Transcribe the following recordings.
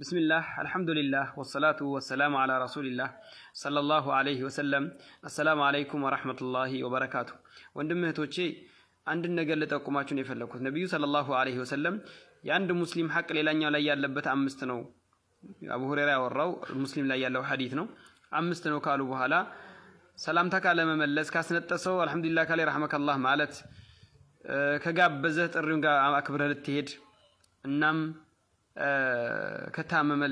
ቢስሚላህ አልሐምዱሊላህ ወሰላቱ ወሰላሙ አላ ረሱሊላህ ሰለላሁ አለይህ ወሰለም። አሰላሙ አለይኩም ወረህመቱላሂ ወበረካቱ። ወንድም እህቶቼ አንድን ነገር ልጠቁማችሁ ነው የፈለግኩት። ነቢዩ ሰለላሁ አለይህ ወሰለም የአንድ ሙስሊም ሐቅ ሌላኛው ላይ ያለበት አምስት ነው። አቡ ሁሬራ ያወራው ሙስሊም ላይ ያለው ሐዲት ነው። አምስት ነው ካሉ በኋላ ሰላምታ ካለመመለስ፣ ካስነጠሰው አልሐምዱሊላህ ካለ ረሐመከላህ ማለት፣ ከጋበዘህ ጥሪውን ጋር አክብረህ ልትሄድ እናም ከታመመ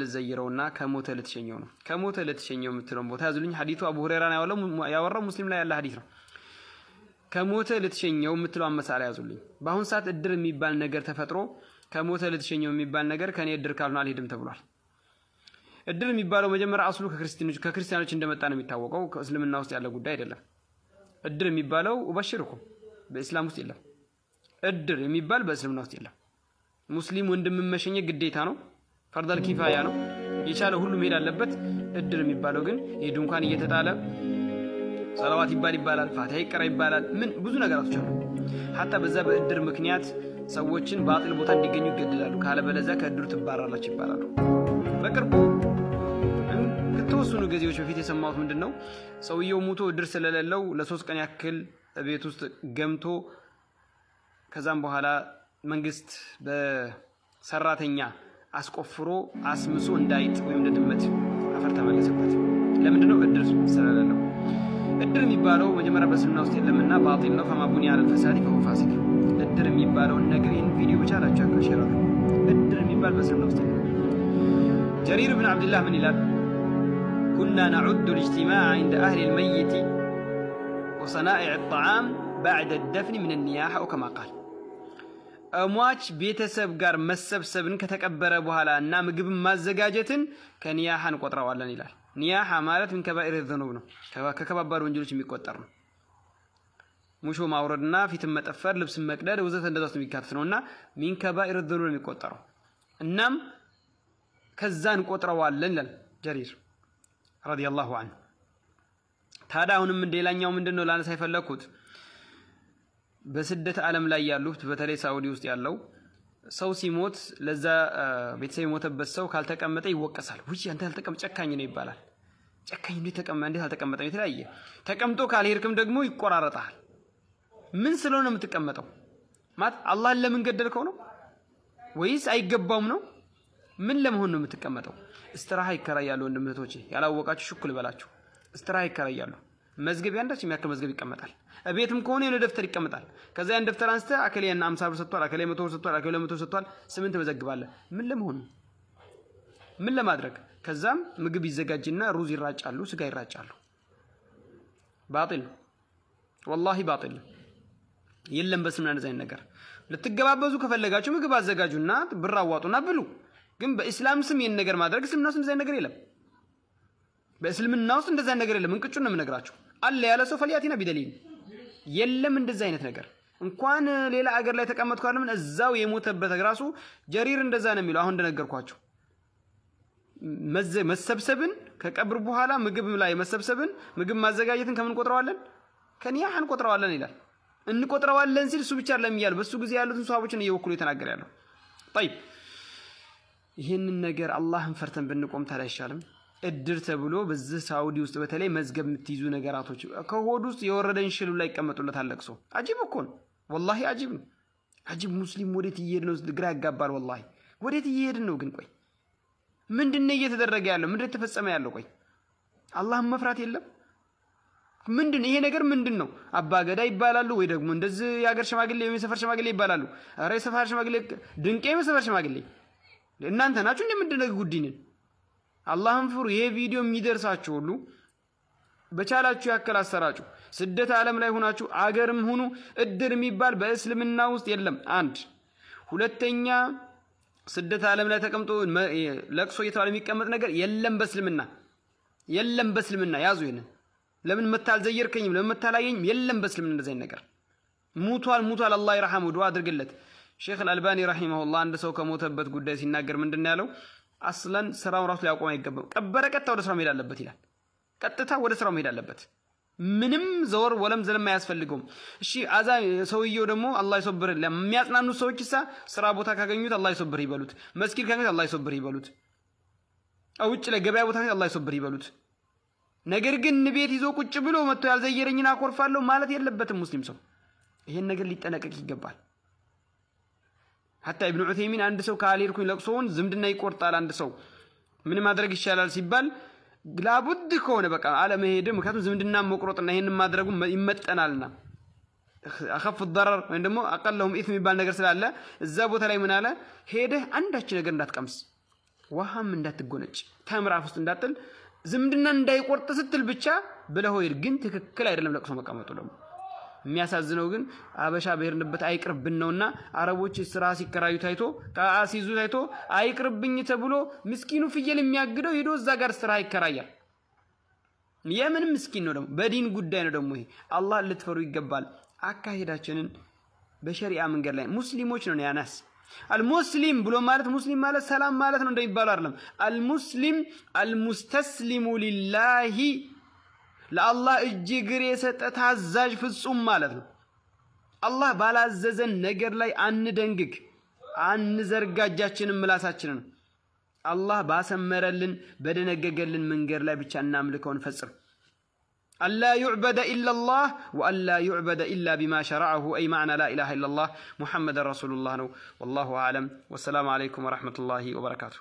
እና ከሞተ ልትሸኘው ነው። ከሞተ ልትሸኘው የምትለውን ቦታ ያዙልኝ። ሀዲቱ አቡ ሁሬራ ያወራው ሙስሊም ላይ ያለ ሀዲት ነው። ከሞተ ልትሸኘው የምትለው አመሳላ ያዙልኝ። በአሁን ሰዓት እድር የሚባል ነገር ተፈጥሮ ከሞተ ልትሸኘው የሚባል ነገር ከእኔ እድር ካልሆነ አልሄድም ተብሏል። እድር የሚባለው መጀመሪያ አስሉ ከክርስቲያኖች እንደመጣ ነው የሚታወቀው። እስልምና ውስጥ ያለ ጉዳይ አይደለም። እድር የሚባለው ኡበሽርኩም በኢስላም ውስጥ የለም። እድር የሚባል በእስልምና ውስጥ የለም። ሙስሊም ወንድም መሸኘት ግዴታ ነው፣ ፈርዳል ኪፋያ ነው። የቻለ ሁሉ መሄድ አለበት። እድር የሚባለው ግን ይህ ድንኳን እየተጣለ ሰላዋት ይባል ይባላል፣ ፋቲሃ ይቀራ ይባላል። ምን ብዙ ነገራቶች አሉ። ሀታ በዛ በእድር ምክንያት ሰዎችን በአጥል ቦታ እንዲገኙ ይገድላሉ። ካለበለዚያ ከእድሩ ትባራላችሁ ይባላሉ። በቅርቡ ከተወሰኑ ጊዜዎች በፊት የሰማሁት ምንድን ነው ሰውየው ሙቶ እድር ስለሌለው ለሶስት ቀን ያክል ቤት ውስጥ ገምቶ ከዛም በኋላ መንግስት በሰራተኛ አስቆፍሮ አስምሶ እንዳይጥ ወይም እንደ ድመት አፈር ተመለሰበት። ለምንድን ነው? እድር ስለሌለው። እድር የሚባለው መጀመሪያ በስልምና ውስጥ የለምና ባጢል ነው። ከማቡኒ አለል ፈሳዲ ፈሁ እድር የሚባለውን ነገር ይህን ቪዲዮ ብቻ ላቸው ያቀሸራ እድር የሚባል በስልምና ውስጥ የለም። ጀሪር ብን ዓብድላህ ምን ይላል? ኩና ነዑዱ ልጅቲማዕ ዕንደ አህል ልመይቲ ወሰናኢዕ ጣዓም ባዕደ ደፍኒ ምን ኒያሐ ከማ ቃል ሟች ቤተሰብ ጋር መሰብሰብን ከተቀበረ በኋላ እና ምግብን ማዘጋጀትን ከኒያሃ እንቆጥረዋለን ይላል። ኒያሃ ማለት ምን ከባኢር ዘኑብ ነው፣ ከከባባድ ወንጀሎች የሚቆጠር ነው። ሙሾ ማውረድና ፊትን መጠፈር፣ ልብስን መቅደድ ወዘተ እንደዛ ውስጥ የሚካተት ነው እና ሚን ከባኢር ዘኑብ ነው የሚቆጠረው። እናም ከዛ እንቆጥረዋለን ይላል ጀሪር ረዲየላሁ አንሁ። ታዲያ አሁንም ሌላኛው ምንድን ነው ላነሳ የፈለግኩት በስደት ዓለም ላይ ያሉት በተለይ ሳውዲ ውስጥ ያለው ሰው ሲሞት ለዛ ቤተሰብ የሞተበት ሰው ካልተቀመጠ ይወቀሳል። ውጭ አንተ ያልተቀመጠ ጨካኝ ነው ይባላል። ጨካኝ እንዴት ተቀመ እንዴት አልተቀመጠም? የተለያየ ተቀምጦ ካልሄድክም ደግሞ ይቆራረጣል። ምን ስለሆነ የምትቀመጠው ማለት አላህን ለምን ገደልከው ነው ወይስ አይገባውም ነው? ምን ለመሆን ነው የምትቀመጠው? እስትራሃ ይከራያሉ። ወንድም ያላወቃችሁ ሹክል በላችሁ እስትራሃ ይከራያሉ። መዝገብ ያንዳች የሚያክል መዝገብ ይቀመጣል። ቤትም ከሆነ የሆነ ደብተር ይቀመጣል። ከዛ ያን ደብተር አንስተ አከሌ ያን አምሳ ብር ሰጥቷል፣ አከሌ መቶ ብር ሰጥቷል፣ አከሌ መቶ ብር ሰጥቷል፣ ስምንት መዘግባለ። ምን ለመሆኑ ምን ለማድረግ? ከዛም ምግብ ይዘጋጅና ሩዝ ይራጫሉ፣ ስጋ ይራጫሉ። ባጢል ነው ወላሂ ባጢል ነው። የለም በስምና እንደዚህ አይነት ነገር። ልትገባበዙ ከፈለጋችሁ ምግብ አዘጋጁና ብር አዋጡና ብሉ። ግን በኢስላም ስም ይህን ነገር ማድረግ ስምና ስም እንደዚህ አይነት ነገር የለም። በእስልምና ውስጥ እንደዛ ነገር የለም። እንቅጩ ነው የምነግራችሁ። አለ ያለ ሰው ፈልያቲና ቢደሊል የለም እንደዛ አይነት ነገር እንኳን ሌላ አገር ላይ ተቀመጥኩ አለምን እዛው የሞተበት ራሱ ጀሪር እንደዛ ነው የሚለው። አሁን እንደነገርኳችሁ መሰብሰብን ከቀብር በኋላ ምግብ ላይ መሰብሰብን ምግብ ማዘጋጀትን ከምን ቆጥረዋለን? ከኒያህ እንቆጥረዋለን ይላል። እንቆጥረዋለን ሲል እሱ ብቻ አይደለም እያሉ በሱ ጊዜ ያሉትን ሰሃቦችን እየወክሉ የተናገር ያለው ጠይብ። ይህንን ነገር አላህን ፈርተን ብንቆም ታዲያ አይሻልም? እድር ተብሎ በዚህ ሳውዲ ውስጥ በተለይ መዝገብ የምትይዙ ነገራቶች ከሆድ ውስጥ የወረደን ሽሉ ላይ ይቀመጡለት አለቅሶ አጂብ እኮ ነው፣ ወላሂ አጂብ ነው። አጂብ ሙስሊም ወዴት እየሄድ ነው? ግራ ያጋባል። ወላሂ ወዴት እየሄድን ነው? ግን ቆይ ምንድን እየተደረገ ያለው? ምንድ የተፈጸመ ያለው? ቆይ አላህን መፍራት የለም። ምንድን ይሄ ነገር ምንድን ነው? አባ ገዳ ይባላሉ ወይ ደግሞ እንደዚህ የሀገር ሽማግሌ ወይም የሰፈር ሽማግሌ ይባላሉ። ኧረ የሰፈር ሽማግሌ ድንቄ የሰፈር ሽማግሌ እናንተ ናችሁ እንደምንድነግ ጉዲንን አላህን ፍሩ። ይሄ ቪዲዮ የሚደርሳችሁ ሁሉ በቻላችሁ ያክል አሰራጩ። ስደት ዓለም ላይ ሆናችሁ አገርም ሁኑ እድር የሚባል በእስልምና ውስጥ የለም። አንድ ሁለተኛ ስደት ዓለም ላይ ተቀምጦ ለቅሶ እየተባለ የሚቀመጥ ነገር የለም በእስልምና የለም በእስልምና ያዙ። ይህንን። ለምን መታልዘየርከኝም ለምን መታላየኝም የለም በእስልምና እንደዚህ ነገር ሙቷል ሙቷል። አላህ ይርሐሙ ዱዓ አድርግለት። ሼክ አልአልባኒ ረሂመሁላህ አንድ ሰው ከሞተበት ጉዳይ ሲናገር ምንድን ነው ያለው? አስለን ስራውን ራሱ ሊያቆም አይገባም። በቀጥታ ወደ ስራው መሄድ አለበት ይላል። ቀጥታ ወደ ስራው መሄድ አለበት። ምንም ዘወር ወለም ዘለም አያስፈልገውም። እሺ አዛ ሰውየው ደግሞ አላህ ይሶብር። ለሚያጽናኑት ሰዎች ይሳ ስራ ቦታ ካገኙት አላህ ይሶብር ይበሉት። መስጊድ ካገኙት አላህ ይሶብር ይበሉት። ውጭ ለገበያ ቦታ አላህ ይሶብር ይበሉት። ነገር ግን ቤት ይዞ ቁጭ ብሎ መጥቶ ያልዘየረኝን አኮርፋለሁ ማለት የለበትም ሙስሊም ሰው። ይሄን ነገር ሊጠነቀቅ ይገባል። ሀታ ኢብኑ ዑቴሚን አንድ ሰው ካልሄድኩኝ ለቅሶውን ዝምድና ይቆርጣል። አንድ ሰው ምን ማድረግ ይሻላል ሲባል ላቡድ ከሆነ በቃ አለመሄድ፣ ምክንያቱም ዝምድና መቁረጥና ይህን ማድረጉ ይመጠናልና አኸፍ ደረር ወይም ደግሞ አቀለሁም ኢት የሚባል ነገር ስላለ እዛ ቦታ ላይ ምን አለ ሄደህ አንዳች ነገር እንዳትቀምስ፣ ውሃም እንዳትጎነጭ፣ ተምራፍ ውስጥ እንዳትል፣ ዝምድና እንዳይቆርጥ ስትል ብቻ ብለህ ሂድ። ግን ትክክል አይደለም ለቅሶ መቀመጡ ደግሞ የሚያሳዝነው ግን አበሻ ብሄርንበት አይቅርብን ነውና አረቦች ስራ ሲከራዩ ታይቶ ሲይዙ ታይቶ አይቅርብኝ ተብሎ ምስኪኑ ፍየል የሚያግደው ሄዶ እዛ ጋር ስራ ይከራያል። የምን ምስኪን ነው ደግሞ በዲን ጉዳይ ነው ደግሞ ይሄ። አላህ ልትፈሩ ይገባል። አካሄዳችንን በሸሪያ መንገድ ላይ ሙስሊሞች ነው ያናስ አልሙስሊም ብሎ ማለት ሙስሊም ማለት ሰላም ማለት ነው እንደሚባለው አይደለም። አልሙስሊም አልሙስተስሊሙ ሊላሂ ለአላህ እጅ እግር የሰጠ ታዛዥ ፍጹም ማለት ነው። አላህ ባላዘዘን ነገር ላይ አንደንግግ፣ አንዘርጋጃችንም ምላሳችን ነው አላህ ባሰመረልን በደነገገልን መንገድ ላይ ብቻ እናምልከውን ፈጽም። አላ ዩዕበደ ኢላላህ ወአላ ዩዕበደ ኢላ ቢማ ሸረዐሁ አይ ማዕና ላኢላሃ ኢላላህ ሙሐመድን ረሱሉላህ ነው። ወላሁ አዕለም። ወሰላሙ አለይኩም ወረሕመቱላሂ ወበረካቱ።